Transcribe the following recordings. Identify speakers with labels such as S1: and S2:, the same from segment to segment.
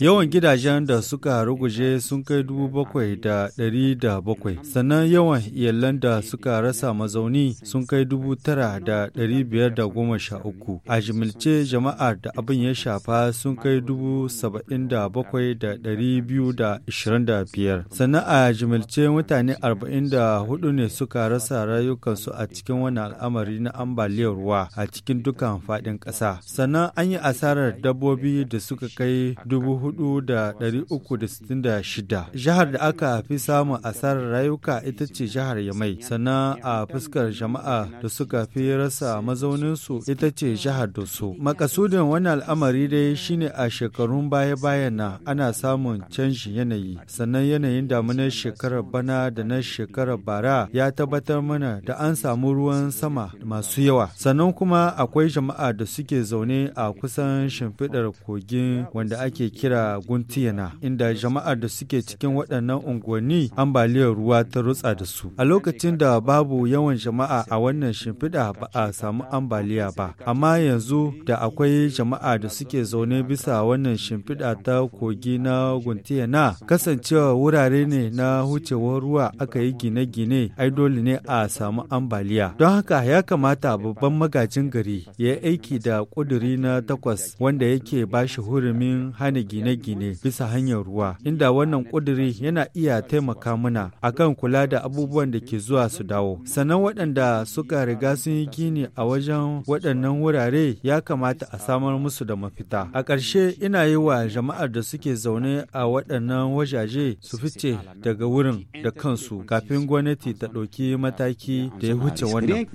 S1: Yawan gidajen da suka ruguje sun kai dubu bakwai da ɗari da bakwai, sannan yawan iyalan da suka rasa mazauni sun kai dubu tara da ɗari biyar da goma sha uku. A jimilce jama'ar da abin ya shafa sun kai dubu saba'in da bakwai da ɗari biyu da ishirin da biyar. Sannan a jimilce mutane arba'in da hudu ne suka rasa rayukansu a cikin wani al'amari na ambaliyar ruwa a cikin dukkan faɗin ƙasa. Sannan an yi asara asarar dabbobi da suka kai 4,366. Jihar da aka fi samun asarar rayuka ita ce jihar Yamai, sannan a fuskar jama'a da suka fi rasa mazauninsu ita ce jihar Doso. Makasudin wani al'amari dai shine a shekarun baya-bayan na ana samun canji yanayi, sannan yanayin damunar shekarar bana da na shekarar bara ya tabbatar mana da an samu ruwan sama masu yawa. Sannan kuma akwai jama'a da suke zaune a kusan wajen shimfiɗar kogin wanda ake kira Guntiyana, inda jama'ar da suke cikin waɗannan unguwanni ambaliyar ruwa ta rutsa da su. A lokacin da babu yawan jama'a a wannan shimfiɗa ba a samu ambaliya ba, amma yanzu da akwai jama'a da suke zaune bisa wannan shimfiɗa ta kogi na Guntiyana, kasancewa wurare ne na wucewar ruwa aka yi gine-gine, ai dole ne a samu ambaliya. Don haka ya kamata babban magajin gari ya aiki da ƙuduri na takwas wanda yake ba shi hurumin hana gine-gine bisa hanyar ruwa, inda wannan ƙuduri yana iya taimaka mana akan kula da abubuwan da ke zuwa su dawo. Sannan waɗanda suka riga sun yi gini a wajen waɗannan wurare ya kamata a samar musu da mafita. A ƙarshe ina yi wa jama'ar da suke zaune a waɗannan wajaje su fice daga wurin da kansu kafin gwamnati ta ɗauki mataki da ya huce wannan.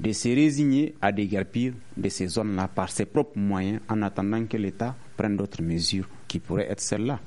S1: que l'État prenne d'autres mesures qui pourraient être celles-là.